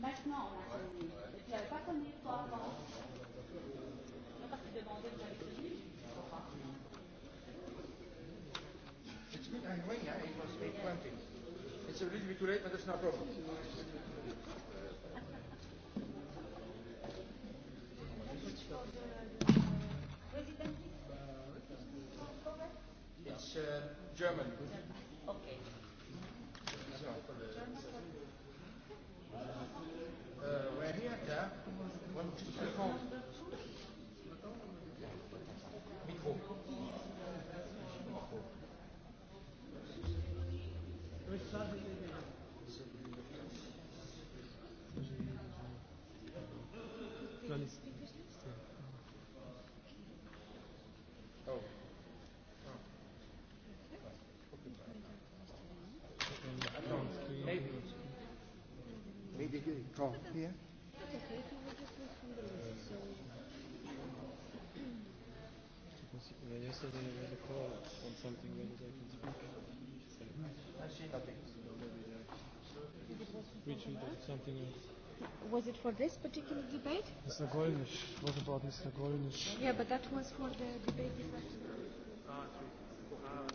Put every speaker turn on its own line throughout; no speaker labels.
Maintenant, on a connu. Vous n'avez pas connu toi avant Non, parce que demandait, vous avez connu It's good anyway, yeah, it was 8.20. It's a little bit too late, but that's no problem. It's uh, German. Okay. So, Uh, we're here, yeah? One, two, was Was it for this particular debate? Mr. Golnisch. What about Mr. Golnisch? Yeah, but that was for the debate this afternoon. Ah,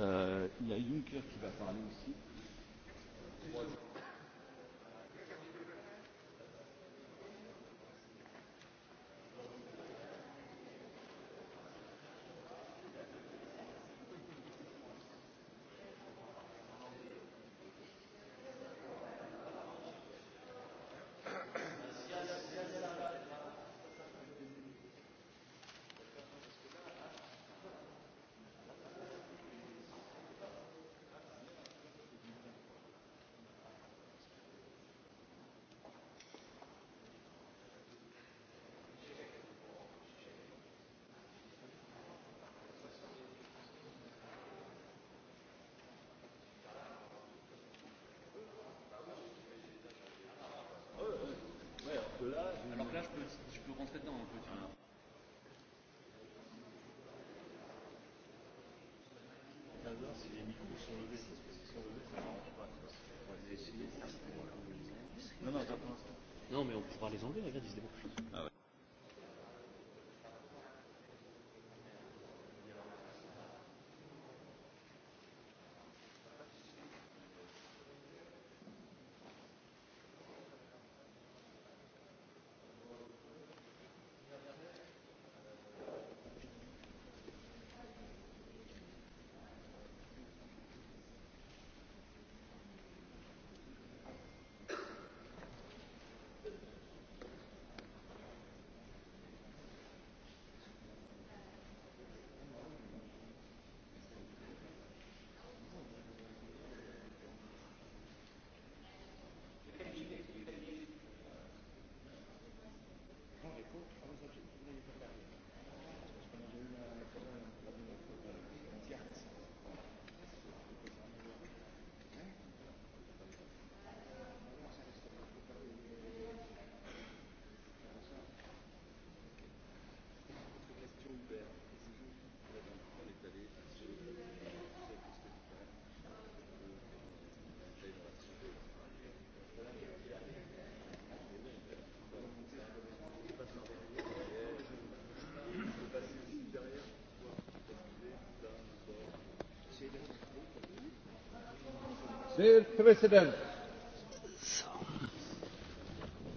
Euh, il y a Juncker qui va parler aussi. Alors que là, je peux, je peux rentrer dedans un peu. Tu vois. non, non, mais on pourra les enlever, regarde, ils se débrouillent. Ah ouais.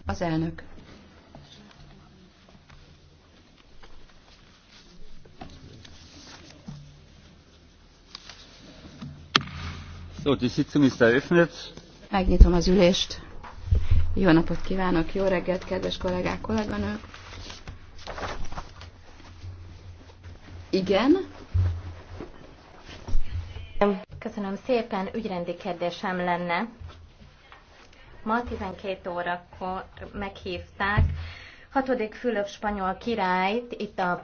Az elnök. So, die Sitzung ist eröffnet. Megnyitom az ülést. Jó napot kívánok, jó reggelt, kedves kollégák, kolléganők. Igen. Köszönöm szépen, ügyrendi kérdésem lenne. Ma 12 órakor meghívták hatodik Fülöp spanyol királyt itt a